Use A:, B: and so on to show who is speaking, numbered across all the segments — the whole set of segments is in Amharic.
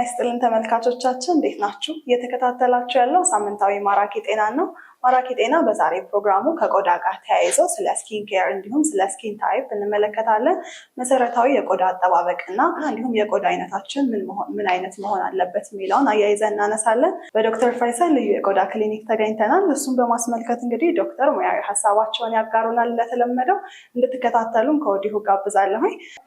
A: ጤና ይስጥልን ተመልካቾቻችን እንዴት ናችሁ? እየተከታተላችሁ ያለው ሳምንታዊ ማራኪ ጤና ነው። ማራኪ ጤና በዛሬ ፕሮግራሙ ከቆዳ ጋር ተያይዘው ስለ ስኪን ኬር እንዲሁም ስለ ስኪን ታይፕ እንመለከታለን። መሰረታዊ የቆዳ እና እንዲሁም የቆዳ አይነታችን ምን አይነት መሆን አለበት የሚለውን አያይዘን እናነሳለን። በዶክተር ፈይሰል ልዩ የቆዳ ክሊኒክ ተገኝተናል። እሱም በማስመልከት እንግዲህ ዶክተር ሙያዊ ሀሳባቸውን ያጋሩናል። ለተለመደው እንድትከታተሉም ከወዲሁ ጋብዛለሁ።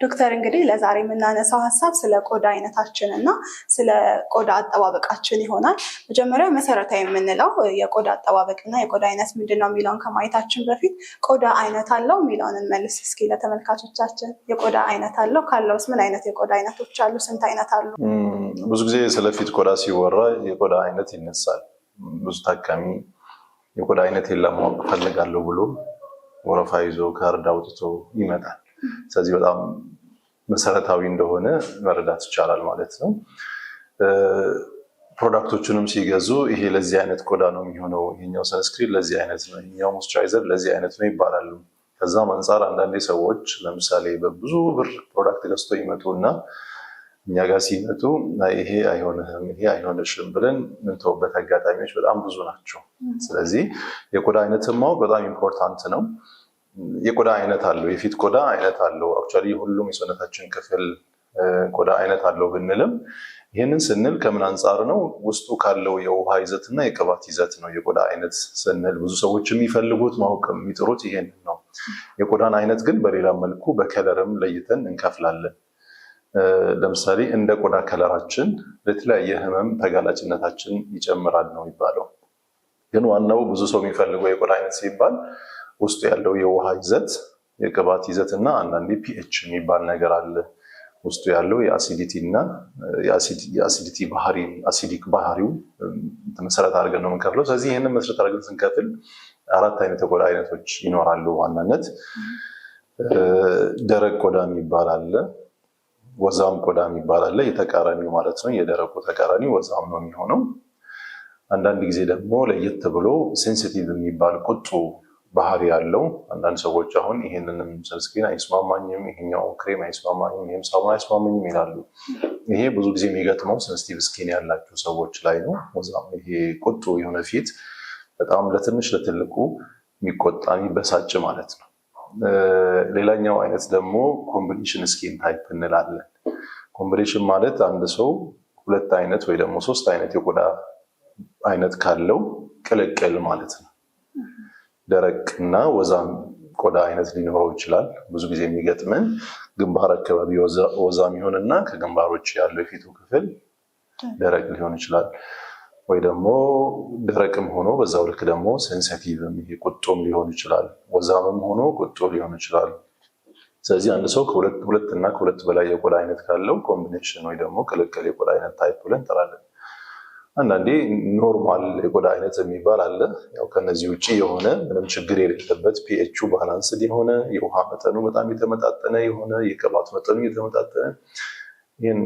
A: ዶክተር እንግዲህ ለዛሬ የምናነሳው ሀሳብ ስለ ቆዳ አይነታችን እና ስለ ቆዳ አጠባበቃችን ይሆናል። መጀመሪያ መሰረታዊ የምንለው የቆዳ አጠባበቅ እና የቆዳ አይነት ምንድን ነው የሚለውን ከማየታችን በፊት ቆዳ አይነት አለው የሚለውን እንመልስ እስኪ ለተመልካቾቻችን። የቆዳ አይነት አለው ካለውስ ምን አይነት የቆዳ አይነቶች አሉ? ስንት አይነት አሉ?
B: ብዙ ጊዜ ስለፊት ቆዳ ሲወራ የቆዳ አይነት ይነሳል። ብዙ ታካሚ የቆዳ አይነት ለማወቅ ፈልጋለሁ ብሎ ወረፋ ይዞ ካርድ አውጥቶ ይመጣል። ስለዚህ በጣም መሰረታዊ እንደሆነ መረዳት ይቻላል ማለት ነው። ፕሮዳክቶቹንም ሲገዙ ይሄ ለዚህ አይነት ቆዳ ነው የሚሆነው፣ ይሄኛው ሰንስክሪን ለዚህ አይነት ነው፣ ይሄኛው ሞስቸራይዘር ለዚህ አይነት ነው ይባላሉ። ከዛም አንጻር አንዳንዴ ሰዎች ለምሳሌ በብዙ ብር ፕሮዳክት ገዝቶ ይመጡ እና እኛ ጋር ሲመጡ ይሄ አይሆንህም፣ ይሄ አይሆንሽም ብለን ምንተውበት አጋጣሚዎች በጣም ብዙ ናቸው። ስለዚህ የቆዳ አይነትን ማወቅ በጣም ኢምፖርታንት ነው። የቆዳ አይነት አለው፣ የፊት ቆዳ አይነት አለው። አክቹዋሊ ሁሉም የሰውነታችን ክፍል ቆዳ አይነት አለው ብንልም ይህንን ስንል ከምን አንጻር ነው? ውስጡ ካለው የውሃ ይዘትና የቅባት ይዘት ነው። የቆዳ አይነት ስንል ብዙ ሰዎች የሚፈልጉት ማወቅ የሚጥሩት ይሄንን ነው። የቆዳን አይነት ግን በሌላ መልኩ በከለርም ለይተን እንከፍላለን። ለምሳሌ እንደ ቆዳ ከለራችን ለተለያየ ህመም ተጋላጭነታችን ይጨምራል ነው የሚባለው። ግን ዋናው ብዙ ሰው የሚፈልገው የቆዳ አይነት ሲባል ውስጡ ያለው የውሃ ይዘት፣ የቅባት ይዘት እና አንዳንዴ ፒኤች የሚባል ነገር አለ ውስጡ ያለው የአሲዲቲ እና የአሲዲቲ ባህሪ አሲዲክ ባህሪው መሰረት አድርገን ነው የምንከፍለው። ስለዚህ ይህንን መሰረት አድርገን ስንከፍል አራት አይነት የቆዳ አይነቶች ይኖራሉ። ዋናነት ደረቅ ቆዳ የሚባል አለ፣ ወዛም ቆዳ የሚባል አለ። የተቃራኒው ማለት ነው። የደረቁ ተቃራኒ ወዛም ነው የሚሆነው። አንዳንድ ጊዜ ደግሞ ለየት ብሎ ሴንሲቲቭ የሚባል ቁጡ ባህሪ ያለው። አንዳንድ ሰዎች አሁን ይህንንም ሰንስክሪን አይስማማኝም፣ ይሄኛው ክሬም አይስማማኝም፣ ይሄም ሳሙና አይስማማኝም ይላሉ። ይሄ ብዙ ጊዜ የሚገጥመው ሰንስቲቭ ስኪን ያላቸው ሰዎች ላይ ነው። ይሄ ቁጡ የሆነ ፊት በጣም ለትንሽ ለትልቁ የሚቆጣ የሚበሳጭ ማለት ነው። ሌላኛው አይነት ደግሞ ኮምቢኔሽን ስኪን ታይፕ እንላለን። ኮምቢኔሽን ማለት አንድ ሰው ሁለት አይነት ወይ ደግሞ ሶስት አይነት የቆዳ አይነት ካለው ቅልቅል ማለት ነው። ደረቅ እና ወዛም ቆዳ አይነት ሊኖረው ይችላል። ብዙ ጊዜ የሚገጥመን ግንባር አካባቢ ወዛም ይሆንና ከግንባር ውጭ ያለው የፊቱ ክፍል ደረቅ ሊሆን ይችላል። ወይ ደግሞ ደረቅም ሆኖ በዛው ልክ ደግሞ ሴንሲቲቭም ይሄ ቁጡም ሊሆን ይችላል። ወዛምም ሆኖ ቁጡ ሊሆን ይችላል። ስለዚህ አንድ ሰው ከሁለት እና ከሁለት በላይ የቆዳ አይነት ካለው ኮምቢኔሽን ወይ ደግሞ ቅልቅል የቆዳ አይነት ታይፕ ብለን እንጠራለን። አንዳንዴ ኖርማል የቆዳ አይነት የሚባል አለ። ያው ከነዚህ ውጭ የሆነ ምንም ችግር የሌለበት ፒኤቹ ባላንስድ የሆነ የውሃ መጠኑ በጣም የተመጣጠነ የሆነ የቅባት መጠኑ የተመጣጠነ ይህን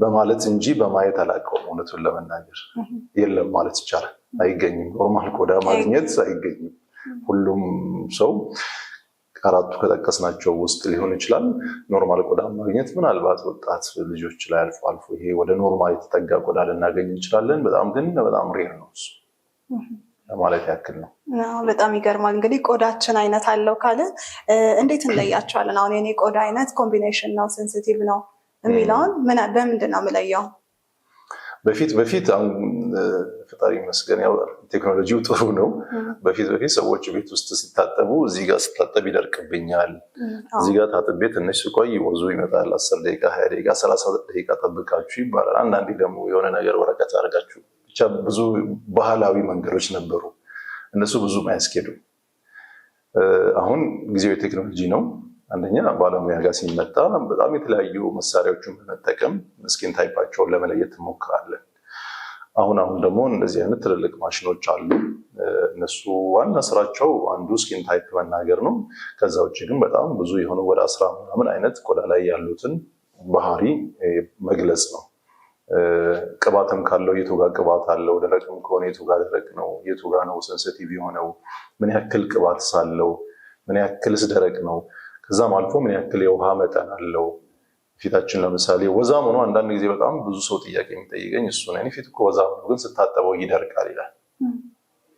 B: በማለት እንጂ በማየት አላውቀውም። እውነቱን ለመናገር የለም ማለት ይቻላል። አይገኝም። ኖርማል ቆዳ ማግኘት አይገኝም። ሁሉም ሰው ከአራቱ ከጠቀስናቸው ውስጥ ሊሆን ይችላል። ኖርማል ቆዳ ማግኘት ምናልባት ወጣት ልጆች ላይ አልፎ አልፎ ይሄ ወደ ኖርማል የተጠጋ ቆዳ ልናገኝ እንችላለን። በጣም ግን በጣም ሬር ነው እሱ ለማለት ያክል ነው።
A: በጣም ይገርማል። እንግዲህ ቆዳችን አይነት አለው ካለ እንዴት እንለያቸዋለን? አሁን የኔ ቆዳ አይነት ኮምቢኔሽን ነው፣ ሴንስቲቭ ነው የሚለውን በምንድን ነው የምለየው?
B: በፊት በፊት ፈጣሪ መስገን ቴክኖሎጂው ጥሩ ነው። በፊት በፊት ሰዎች ቤት ውስጥ ሲታጠቡ እዚህ ጋር ስታጠብ ይደርቅብኛል፣ እዚህ ጋር ታጥቤ ትንሽ ስቆይ ወዙ ይመጣል፣ አስር ደቂቃ፣ ሀያ ደቂቃ፣ ሰላሳ ደቂቃ ጠብቃችሁ ይባላል። አንዳንዴ ደግሞ የሆነ ነገር ወረቀት አድርጋችሁ ብቻ ብዙ ባህላዊ መንገዶች ነበሩ። እነሱ ብዙ ማያስኬዱ አሁን ጊዜው የቴክኖሎጂ ነው። አንደኛ ባለሙያ ጋር ሲመጣ በጣም የተለያዩ መሳሪያዎችን በመጠቀም ስኪን ታይፓቸውን ለመለየት እንሞክራለን። አሁን አሁን ደግሞ እንደዚህ አይነት ትልልቅ ማሽኖች አሉ። እነሱ ዋና ስራቸው አንዱ ስኪን ታይፕ መናገር ነው። ከዛ ውጭ ግን በጣም ብዙ የሆኑ ወደ አስራ ምናምን አይነት ቆዳ ላይ ያሉትን ባህሪ መግለጽ ነው። ቅባትም ካለው የቱ ጋር ቅባት አለው፣ ደረቅም ከሆነ የቱ ጋር ደረቅ ነው፣ የቱ ጋር ነው ሰንስቲቭ የሆነው፣ ምን ያክል ቅባት ሳለው፣ ምን ያክልስ ደረቅ ነው፣ ከዛም አልፎ ምን ያክል የውሃ መጠን አለው ፊታችን ለምሳሌ ወዛም ሆኖ አንዳንድ ጊዜ በጣም ብዙ ሰው ጥያቄ የሚጠይቀኝ እሱ ነው። ፊት እኮ ወዛም ሆኖ ግን ስታጠበው ይደርቃል ይላል።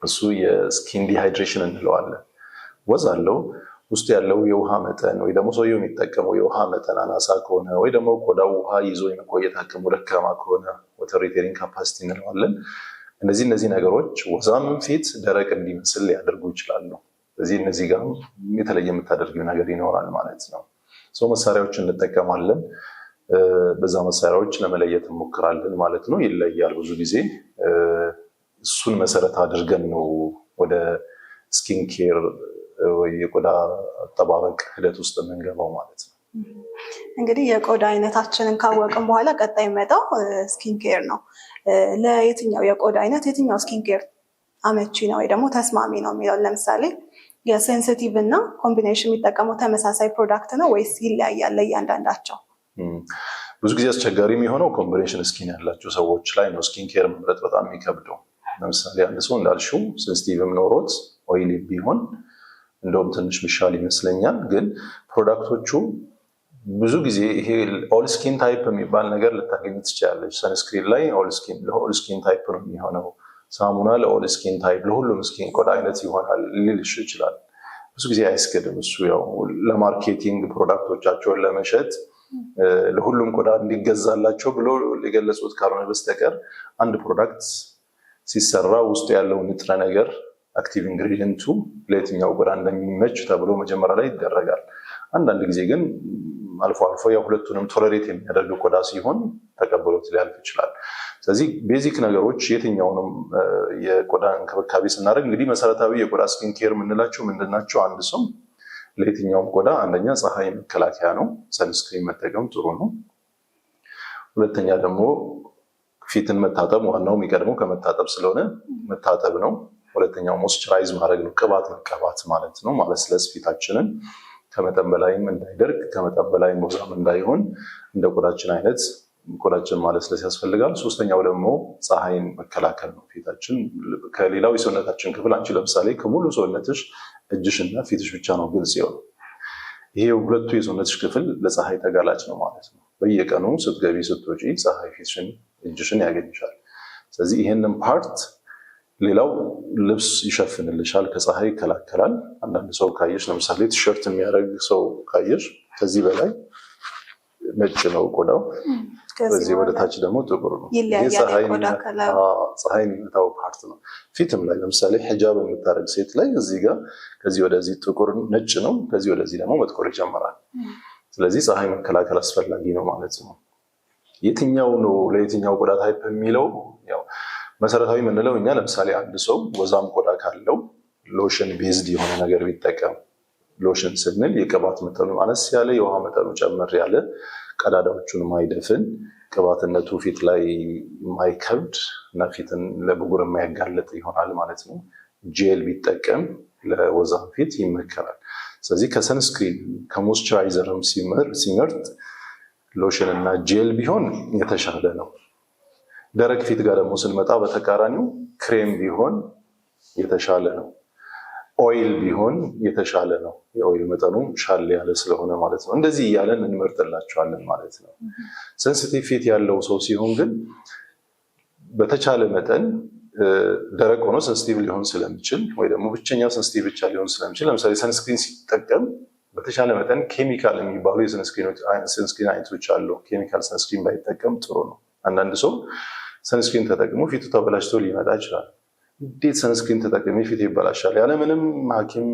B: እሱ የስኪን ዲሃይድሬሽን እንለዋለን። ወዝ አለው ውስጥ ያለው የውሃ መጠን ወይ ደግሞ ሰውየው የሚጠቀመው የውሃ መጠን አናሳ ከሆነ ወይ ደግሞ ቆዳው ውሃ ይዞ የመቆየት አቅሙ ደካማ ከሆነ ወተር ሪቴኒንግ ካፓሲቲ እንለዋለን። እነዚህ እነዚህ ነገሮች ወዛም ፊት ደረቅ እንዲመስል ሊያደርጉ ይችላሉ። እዚህ እነዚህ ጋር የተለየ የምታደርጊው ነገር ይኖራል ማለት ነው። ሰው መሳሪያዎች እንጠቀማለን። በዛ መሳሪያዎች ለመለየት እንሞክራለን ማለት ነው። ይለያል ብዙ ጊዜ እሱን መሰረት አድርገን ነው ወደ ስኪን ኬር ወይ የቆዳ አጠባበቅ ሂደት ውስጥ የምንገባው ማለት ነው።
A: እንግዲህ የቆዳ አይነታችንን ካወቅን በኋላ ቀጣይ የሚመጣው ስኪን ኬር ነው። ለየትኛው የቆዳ አይነት የትኛው ስኪን ኬር አመቺ ነው ወይ ደግሞ ተስማሚ ነው የሚለውን ለምሳሌ የሴንሲቲቭ እና ኮምቢኔሽን የሚጠቀመው ተመሳሳይ ፕሮዳክት ነው ወይስ ይለያያል እያንዳንዳቸው?
B: ብዙ ጊዜ አስቸጋሪ የሚሆነው ኮምቢኔሽን ስኪን ያላቸው ሰዎች ላይ ነው። ስኪን ኬር መምረጥ በጣም የሚከብደው ለምሳሌ አንድ ሰው እንዳልሽው ሴንሲቲቭም ኖሮት ኦይል ቢሆን እንደውም ትንሽ ሚሻል ይመስለኛል። ግን ፕሮዳክቶቹ ብዙ ጊዜ ይሄ ኦል ስኪን ታይፕ የሚባል ነገር ልታገኝ ትችላለች። ሰንስክሪን ላይ ኦል ስኪን ታይፕ ነው የሚሆነው ሳሙና ለኦል ስኪን ታይፕ ለሁሉም ስኪን ቆዳ አይነት ይሆናል ሊልሽ ይችላል። ብዙ ጊዜ አይስገድም። እሱ ያው ለማርኬቲንግ ፕሮዳክቶቻቸውን ለመሸጥ ለሁሉም ቆዳ እንዲገዛላቸው ብሎ የገለጹት ካልሆነ በስተቀር አንድ ፕሮዳክት ሲሰራ ውስጡ ያለው ንጥረ ነገር አክቲቭ ኢንግሪዲየንቱ ለየትኛው ቆዳ እንደሚመች ተብሎ መጀመሪያ ላይ ይደረጋል። አንዳንድ ጊዜ ግን አልፎ አልፎ የሁለቱንም ቶለሬት የሚያደርግ ቆዳ ሲሆን ተቀብሎት ሊያልፍ ይችላል። ስለዚህ ቤዚክ ነገሮች የትኛውንም የቆዳ እንክብካቤ ስናደርግ እንግዲህ መሰረታዊ የቆዳ ስኪን ኬር የምንላቸው ምንድናቸው? አንድ ሰው ለየትኛውም ቆዳ አንደኛ ፀሐይ መከላከያ ነው፣ ሰንስክሪን መጠቀም ጥሩ ነው። ሁለተኛ ደግሞ ፊትን መታጠብ ዋናው የሚቀድመው ከመታጠብ ስለሆነ መታጠብ ነው። ሁለተኛው ሞስቸራይዝ ማድረግ ነው፣ ቅባት መቀባት ማለት ነው። ማለስለስ ፊታችንን ከመጠን በላይም እንዳይደርግ ከመጠን በላይም ወዛም እንዳይሆን እንደ ቆዳችን አይነት ቆዳችን ማለስለስ ያስፈልጋል። ሶስተኛው ደግሞ ፀሐይን መከላከል ነው። ፊታችን ከሌላው የሰውነታችን ክፍል አንቺ ለምሳሌ ከሙሉ ሰውነትሽ እጅሽና ፊትሽ ብቻ ነው ግልጽ የሆነው። ይሄ ሁለቱ የሰውነትሽ ክፍል ለፀሐይ ተጋላጭ ነው ማለት ነው። በየቀኑ ስትገቢ ስትወጪ ፀሐይ ፊትሽን፣ እጅሽን ያገኝሻል። ስለዚህ ይሄንን ፓርት ሌላው ልብስ ይሸፍንልሻል፣ ከፀሐይ ይከላከላል። አንዳንድ ሰው ካየሽ ለምሳሌ ቲሸርት የሚያደርግ ሰው ካየሽ ከዚህ በላይ ነጭ ነው ቆዳው
A: ከዚህ ወደ ታች
B: ደግሞ ጥቁር ነው። ፀሐይ የሚመታው ፓርት ነው። ፊትም ላይ ለምሳሌ ሂጃብ የምታደርግ ሴት ላይ እዚህ ጋር ከዚህ ወደዚህ ጥቁር ነጭ ነው። ከዚህ ወደዚህ ደግሞ መጥቆር ይጀምራል። ስለዚህ ፀሐይ መከላከል አስፈላጊ ነው ማለት ነው። የትኛው ነው ለየትኛው ቆዳ ታይፕ የሚለው መሰረታዊ የምንለው እኛ ለምሳሌ አንድ ሰው ወዛም ቆዳ ካለው ሎሽን ቤዝድ የሆነ ነገር ቢጠቀም ሎሽን ስንል የቅባት መጠኑ አነስ ያለ የውሃ መጠኑ ጨመር ያለ ቀዳዳዎቹን ማይደፍን ቅባትነቱ ፊት ላይ ማይከብድ እና ፊትን ለብጉር የማያጋለጥ ይሆናል ማለት ነው። ጄል ቢጠቀም ለወዛም ፊት ይመከራል። ስለዚህ ከሰንስክሪን ከሞስቸራይዘርም ሲመርጥ ሎሽን እና ጄል ቢሆን የተሻለ ነው። ደረቅ ፊት ጋር ደግሞ ስንመጣ በተቃራኒው ክሬም ቢሆን የተሻለ ነው። ኦይል ቢሆን የተሻለ ነው። የኦይል መጠኑ ሻል ያለ ስለሆነ ማለት ነው። እንደዚህ እያለን እንመርጥላቸዋለን ማለት ነው። ሴንሲቲቭ ፊት ያለው ሰው ሲሆን ግን በተቻለ መጠን ደረቅ ሆኖ ሰንስቲቭ ሊሆን ስለሚችል ወይ ደግሞ ብቸኛው ሰንስቲቭ ብቻ ሊሆን ስለሚችል ለምሳሌ ሰንስክሪን ሲጠቀም በተቻለ መጠን ኬሚካል የሚባሉ የሰንስክሪን አይነቶች አሉ። ኬሚካል ሰንስክሪን ባይጠቀም ጥሩ ነው። አንዳንድ ሰው ሰንስክሪን ተጠቅሞ ፊቱ ተበላሽቶ ሊመጣ ይችላል። እንዴት ሰንስክሪን ተጠቅሚ ፊት ይበላሻል? ያለምንም ሐኪም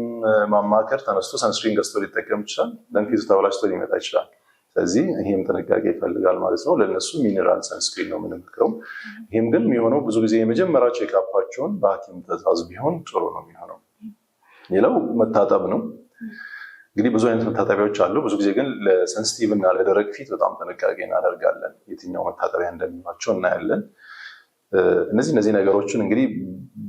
B: ማማከር ተነስቶ ሰንስክሪን ገዝቶ ሊጠቀም ይችላል። ደንፊቱ ተበላሽቶ ሊመጣ ይችላል። ስለዚህ ይህም ጥንቃቄ ይፈልጋል ማለት ነው። ለእነሱ ሚኒራል ሰንስክሪን ነው የምንመክረው። ይህም ግን የሚሆነው ብዙ ጊዜ የመጀመሪያ ቼካፓቸውን በሐኪም ትዕዛዝ ቢሆን ጥሩ ነው የሚሆነው። ሌላው መታጠብ ነው። እንግዲህ ብዙ አይነት መታጠቢያዎች አሉ። ብዙ ጊዜ ግን ለሰንስቲቭ እና ለደረቅ ፊት በጣም ጥንቃቄ እናደርጋለን። የትኛው መታጠቢያ እንደሚሏቸው እናያለን። እነዚህ እነዚህ ነገሮችን እንግዲህ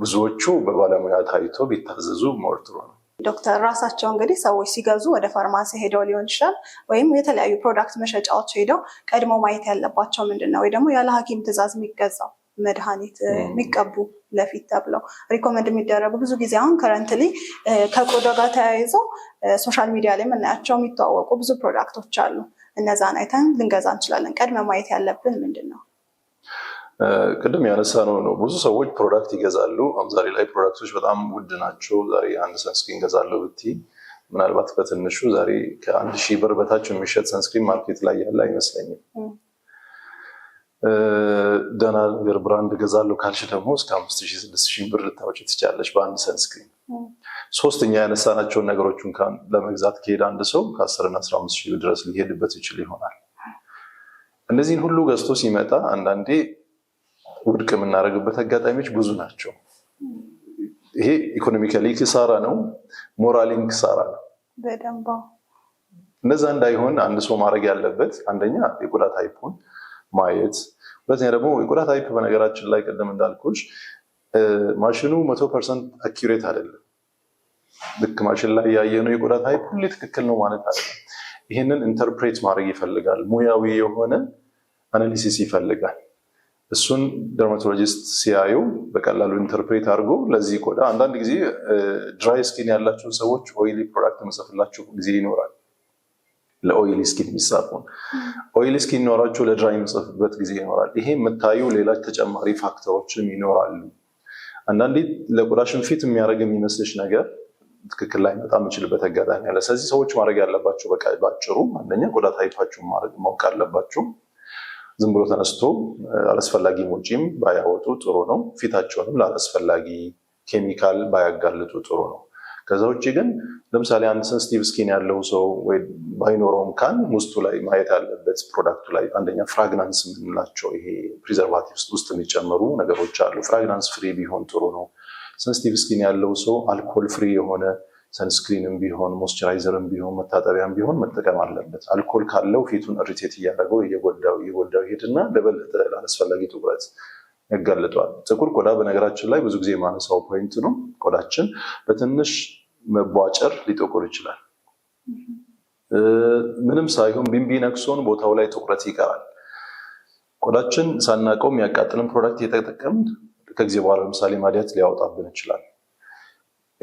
B: ብዙዎቹ በባለሙያ ታይቶ ቢታዘዙ ሞርትሮ ነው።
A: ዶክተር ራሳቸው እንግዲህ ሰዎች ሲገዙ ወደ ፋርማሲ ሄደው ሊሆን ይችላል፣ ወይም የተለያዩ ፕሮዳክት መሸጫዎች ሄደው ቀድሞ ማየት ያለባቸው ምንድን ነው ወይ ደግሞ ያለ ሐኪም ትዕዛዝ የሚገዛው መድኃኒት የሚቀቡ ለፊት ተብለው ሪኮመንድ የሚደረጉ ብዙ ጊዜ አሁን ከረንትሊ ከቆዳ ጋር ተያይዘው ሶሻል ሚዲያ ላይ የምናያቸው የሚተዋወቁ ብዙ ፕሮዳክቶች አሉ። እነዛን አይተን ልንገዛ እንችላለን። ቀድመ ማየት ያለብን ምንድን ነው?
B: ቅድም ያነሳ ነው ነው ብዙ ሰዎች ፕሮዳክት ይገዛሉ። ዛሬ ላይ ፕሮዳክቶች በጣም ውድ ናቸው። ዛሬ አንድ ሰንስክሪን ገዛለሁ ብቲ ምናልባት በትንሹ ዛሬ ከአንድ ሺህ ብር በታች የሚሸጥ ሰንስክሪን ማርኬት ላይ ያለ አይመስለኝም። ደህና ነገር ብራንድ ገዛለሁ ካልሽ ደግሞ እስከ አምስት ሺህ ስድስት ሺህ ብር ልታወጪ ትችላለች በአንድ ሰንስክሪን። ሶስተኛ ያነሳናቸውን ነገሮች እንኳን ለመግዛት ከሄደ አንድ ሰው ከአስርና አስራ አምስት ሺህ ድረስ ሊሄድበት ይችል ይሆናል። እነዚህን ሁሉ ገዝቶ ሲመጣ አንዳንዴ ውድቅ የምናደርግበት አጋጣሚዎች ብዙ ናቸው። ይሄ ኢኮኖሚካሊ ኪሳራ ነው፣ ሞራሊን ኪሳራ ነው። እነዛ እንዳይሆን አንድ ሰው ማድረግ ያለበት አንደኛ የቆዳ ታይፑን ማየት፣ ሁለተኛ ደግሞ የቆዳ ታይፕ በነገራችን ላይ ቀደም እንዳልኩሽ ማሽኑ መቶ ፐርሰንት አኪሬት አይደለም። ልክ ማሽን ላይ ያየነው የቆዳ ታይፕ ሁሌ ትክክል ነው ማለት አይደለም። ይህንን ኢንተርፕሬት ማድረግ ይፈልጋል፣ ሙያዊ የሆነ አናሊሲስ ይፈልጋል። እሱን ደርማቶሎጂስት ሲያዩ በቀላሉ ኢንተርፕሬት አድርጎ ለዚህ ቆዳ አንዳንድ ጊዜ ድራይ ስኪን ያላቸው ሰዎች ኦይሊ ፕሮዳክት መጽፍላቸው ጊዜ ይኖራል። ለኦይሊ ስኪን የሚጻፉን ኦይሊ ስኪን ይኖራቸው ለድራይ መጽፍበት ጊዜ ይኖራል። ይሄ የምታዩ ሌላች ተጨማሪ ፋክተሮችም ይኖራሉ። አንዳንዴ ለቆዳሽን ፊት የሚያደርግ የሚመስልሽ ነገር ትክክል ላይ መጣ የምችልበት አጋጣሚ አለ። ስለዚህ ሰዎች ማድረግ ያለባቸው በቃ ባጭሩ አንደኛ ቆዳ ታይፓችሁ ማወቅ አለባችሁ። ዝም ብሎ ተነስቶ አላስፈላጊ ወጪም ባያወጡ ጥሩ ነው። ፊታቸውንም ለአላስፈላጊ ኬሚካል ባያጋልጡ ጥሩ ነው። ከዛ ውጭ ግን ለምሳሌ አንድ ሰንስቲቭ ስኪን ያለው ሰው ወይ ባይኖረውም ካን ውስጡ ላይ ማየት ያለበት ፕሮዳክቱ ላይ አንደኛ ፍራግናንስ የምንላቸው ይሄ ፕሪዘርቫቲቭ ውስጥ የሚጨመሩ ነገሮች አሉ። ፍራግናንስ ፍሪ ቢሆን ጥሩ ነው። ሰንስቲቭ ስኪን ያለው ሰው አልኮል ፍሪ የሆነ ሰንስክሪንም ቢሆን ሞስቸራይዘርም ቢሆን መታጠቢያም ቢሆን መጠቀም አለበት። አልኮል ካለው ፊቱን እሪቴት እያደረገው እየጎዳው እየጎዳው ይሄድና ለበለጠ ላላስፈላጊ ትኩረት ያጋልጧል። ጥቁር ቆዳ በነገራችን ላይ ብዙ ጊዜ የማነሳው ፖይንት ነው። ቆዳችን በትንሽ መቧጨር ሊጠቁር ይችላል። ምንም ሳይሆን ቢንቢ ነክሶን ቦታው ላይ ትኩረት ይቀራል። ቆዳችን ሳናቀው የሚያቃጥልን ፕሮዳክት እየተጠቀምን ከጊዜ በኋላ ለምሳሌ ማዲያት ሊያወጣብን ይችላል።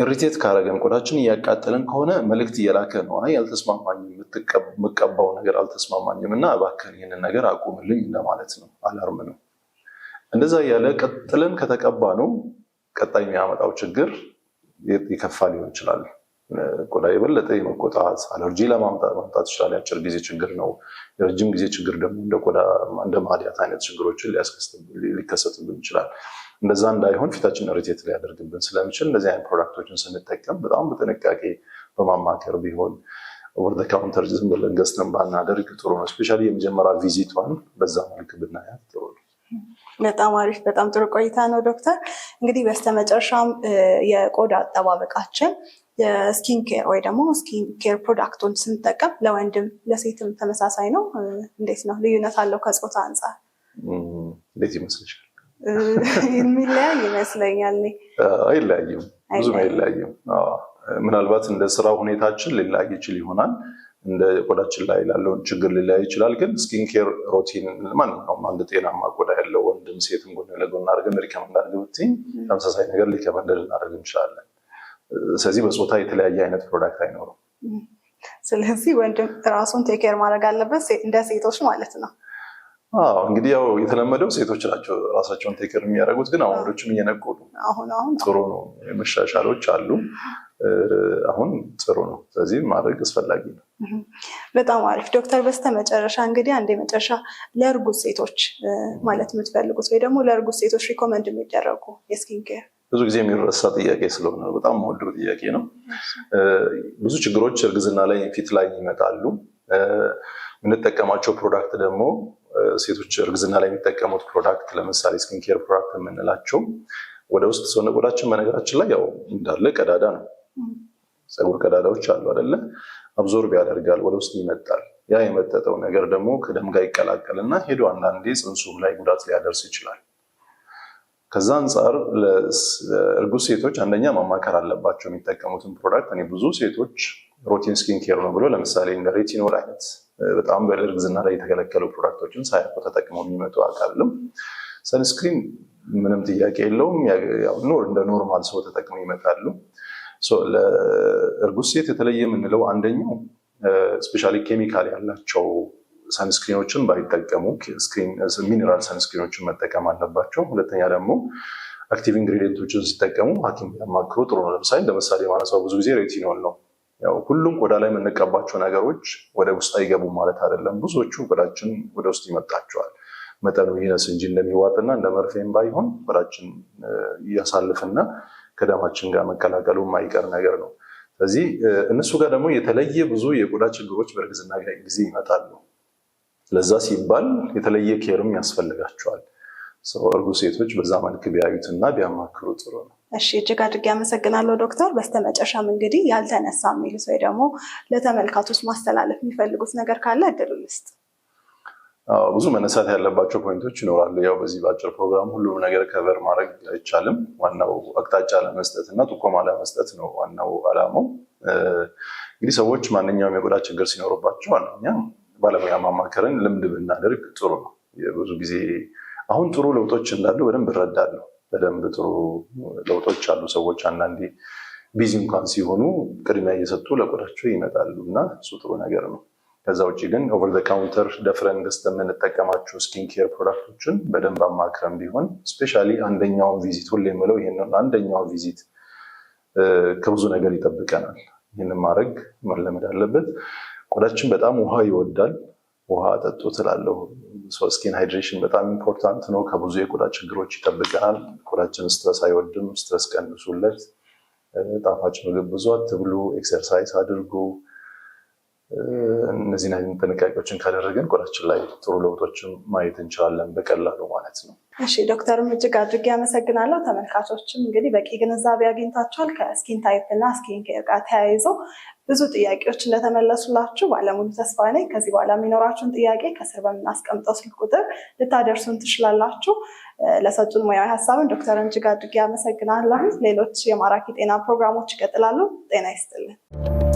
B: ኢሪቴት ካረገን ቆዳችን እያቃጠለን ከሆነ መልእክት እየላከ ነው። አይ አልተስማማኝም፣ የምቀባው ነገር አልተስማማኝም እና እባክህን ይህንን ነገር አቁምልኝ ለማለት ነው። አላርም ነው። እንደዛ እያለ ቀጥለን ከተቀባ ነው ቀጣይ የሚያመጣው ችግር የከፋ ሊሆን ይችላል። ቆዳ የበለጠ የመቆጣት አለርጂ ለማምጣት ይችላል። የአጭር ጊዜ ችግር ነው። የረጅም ጊዜ ችግር ደግሞ እንደ ማዲያት አይነት ችግሮችን ሊከሰትብን ይችላል። እንደዛ እንዳይሆን ፊታችን ሪቴት ሊያደርግብን ስለሚችል እንደዚህ አይነት ፕሮዳክቶችን ስንጠቀም በጣም በጥንቃቄ በማማከር ቢሆን ወርደ ካውንተር ዝም ብለን ገዝተን ባናደርግ ጥሩ ነው። እስፔሻሊ የመጀመሪያ ቪዚቷን በዛ መልክ ብናያት ጥሩ ነው።
A: በጣም አሪፍ፣ በጣም ጥሩ ቆይታ ነው ዶክተር። እንግዲህ በስተመጨረሻም የቆዳ አጠባበቃችን የስኪን ኬር ወይ ደግሞ ስኪን ኬር ፕሮዳክቱን ስንጠቀም ለወንድም ለሴትም ተመሳሳይ ነው? እንዴት ነው ልዩነት አለው? ከፆታ አንጻር
B: እንዴት ይመስልሻል?
A: የሚለያይ ይመስለኛል።
B: አይለያይም፣ ብዙም አይለያይም። ምናልባት እንደ ስራ ሁኔታችን ሊለያይ ይችል ይሆናል። እንደ ቆዳችን ላይ ላለውን ችግር ሊለያይ ይችላል። ግን ስኪን ኬር ሮቲን ማንኛውም አንድ ጤናማ ቆዳ ያለው ወንድም ሴትም ጎን ለጎን አድርገን ሪከመንድ አድርግ ብትይኝ ተመሳሳይ ነገር ሊከመንድ ልናደርግ እንችላለን። ስለዚህ በፆታ የተለያየ አይነት ፕሮዳክት አይኖርም።
A: ስለዚህ ወንድም ራሱን ቴክ ኬር ማድረግ አለበት እንደ ሴቶች ማለት ነው።
B: እንግዲህ ያው የተለመደው ሴቶች ናቸው ራሳቸውን ቴክር የሚያደርጉት፣ ግን አሁን ወንዶችም እየነቁ ነው። ጥሩ ነው፣ መሻሻሎች አሉ። አሁን ጥሩ ነው። ስለዚህ ማድረግ አስፈላጊ ነው።
A: በጣም አሪፍ ዶክተር። በስተ መጨረሻ እንግዲህ አንድ የመጨረሻ ለእርጉዝ ሴቶች ማለት የምትፈልጉት ወይ ደግሞ ለእርጉዝ ሴቶች ሪኮመንድ የሚደረጉ የስኪን ኬር
B: ብዙ ጊዜ የሚረሳ ጥያቄ ስለሆነ በጣም መወደው ጥያቄ ነው። ብዙ ችግሮች እርግዝና ላይ ፊት ላይ ይመጣሉ። የምንጠቀማቸው ፕሮዳክት ደግሞ ሴቶች እርግዝና ላይ የሚጠቀሙት ፕሮዳክት ለምሳሌ ስኪንኬር ፕሮዳክት የምንላቸው ወደ ውስጥ ሰውነ ቆዳችን በነገራችን ላይ ያው እንዳለ ቀዳዳ ነው። ፀጉር ቀዳዳዎች አሉ አደለ? አብዞርብ ያደርጋል፣ ወደ ውስጥ ይመጣል። ያ የመጠጠው ነገር ደግሞ ከደም ጋር ይቀላቀልና ሄዶ አንዳንዴ ጽንሱም ላይ ጉዳት ሊያደርስ ይችላል። ከዛ አንጻር ለእርጉዝ ሴቶች አንደኛ ማማከር አለባቸው የሚጠቀሙትን ፕሮዳክት። እኔ ብዙ ሴቶች ሮቲን ስኪን ኬር ነው ብሎ ለምሳሌ እንደ ሬቲኖል አይነት በጣም በእርግዝና ላይ የተከለከሉ ፕሮዳክቶችን ሳያውቁ ተጠቅመው የሚመጡ አካልም ሰንስክሪን ምንም ጥያቄ የለውም። እንደ ኖርማል ሰው ተጠቅመው ይመጣሉ። ለእርጉዝ ሴት የተለየ የምንለው አንደኛው ስፔሻሊ ኬሚካል ያላቸው ሰንስክሪኖችን ባይጠቀሙ ሚኔራል ሰንስክሪኖችን መጠቀም አለባቸው። ሁለተኛ ደግሞ አክቲቭ ኢንግሪዲየንቶችን ሲጠቀሙ ሐኪም ያማክሩ ጥሩ ነው። ለምሳሌ ለምሳሌ ማነሳው ብዙ ጊዜ ሬቲኖል ነው ያው ሁሉም ቆዳ ላይ የምንቀባቸው ነገሮች ወደ ውስጥ አይገቡም ማለት አይደለም። ብዙዎቹ ቆዳችን ወደ ውስጥ ይመጣቸዋል። መጠኑ ይነስ እንጂ እንደሚዋጥና እንደ መርፌም ባይሆን ቆዳችን እያሳልፍና ከደማችን ጋር መቀላቀሉ የማይቀር ነገር ነው። ስለዚህ እነሱ ጋር ደግሞ የተለየ ብዙ የቆዳ ችግሮች በእርግዝና ጊዜ ይመጣሉ። ለዛ ሲባል የተለየ ኬርም ያስፈልጋቸዋል። እርጉ ሴቶች በዛ መልክ ቢያዩትና ቢያማክሩ ጥሩ ነው።
A: እሺ እጅግ አድርጌ አመሰግናለሁ ዶክተር። በስተመጨረሻም እንግዲህ ያልተነሳ የሚሉት ወይ ደግሞ ለተመልካቶች ማስተላለፍ የሚፈልጉት ነገር ካለ እድሉ ልስጥ።
B: ብዙ መነሳት ያለባቸው ፖይንቶች ይኖራሉ። ያው በዚህ በአጭር ፕሮግራም ሁሉም ነገር ከበር ማድረግ አይቻልም። ዋናው አቅጣጫ ለመስጠት እና ጥቆማ ለመስጠት ነው ዋናው አላማው። እንግዲህ ሰዎች ማንኛውም የቆዳ ችግር ሲኖርባቸው ዋነኛ ባለሙያ ማማከርን ልምድ ብናደርግ ጥሩ ነው። ብዙ ጊዜ አሁን ጥሩ ለውጦች እንዳሉ በደንብ እረዳለሁ በደንብ ጥሩ ለውጦች አሉ። ሰዎች አንዳንዴ ቢዚ እንኳን ሲሆኑ ቅድሚያ እየሰጡ ለቆዳቸው ይመጣሉ እና እሱ ጥሩ ነገር ነው። ከዛ ውጭ ግን ኦቨር ዘ ካውንተር ደፍረን ገዝተን የምንጠቀማቸው ስኪን ኬር ፕሮዳክቶችን በደንብ አማክረን ቢሆን ስፔሻሊ አንደኛውን ቪዚት ሁሌ የምለው ይሄንን አንደኛው ቪዚት ከብዙ ነገር ይጠብቀናል። ይህንን ማድረግ መለመድ አለበት። ቆዳችን በጣም ውሃ ይወዳል። ውሃ ጠጡ ትላለሁ። ስኪን ሃይድሬሽን በጣም ኢምፖርታንት ነው። ከብዙ የቆዳ ችግሮች ይጠብቀናል። ቆዳችን ስትረስ አይወድም። ስትረስ ቀንሱለት። ጣፋጭ ምግብ ብዙ አትብሉ። ኤክሰርሳይዝ አድርጉ። እነዚህን አይነት ጥንቃቄዎችን ካደረገን ቆዳችን ላይ ጥሩ ለውጦችን ማየት እንችላለን በቀላሉ ማለት ነው።
A: እሺ ዶክተርም እጅግ አድርጌ ያመሰግናለሁ። ተመልካቾችም እንግዲህ በቂ ግንዛቤ አግኝታችኋል። ከስኪን ታይፕ እና ስኪን ኬር ጋር ተያይዞ ብዙ ጥያቄዎች እንደተመለሱላችሁ ባለሙሉ ተስፋ ነኝ። ከዚህ በኋላ የሚኖራችሁን ጥያቄ ከስር በምናስቀምጠው ስልክ ቁጥር ልታደርሱን ትችላላችሁ። ለሰጡን ሙያዊ ሀሳብን ዶክተር እጅግ አድርጌ አመሰግናለሁ። ሌሎች የማራኪ ጤና ፕሮግራሞች ይቀጥላሉ። ጤና ይስጥልን።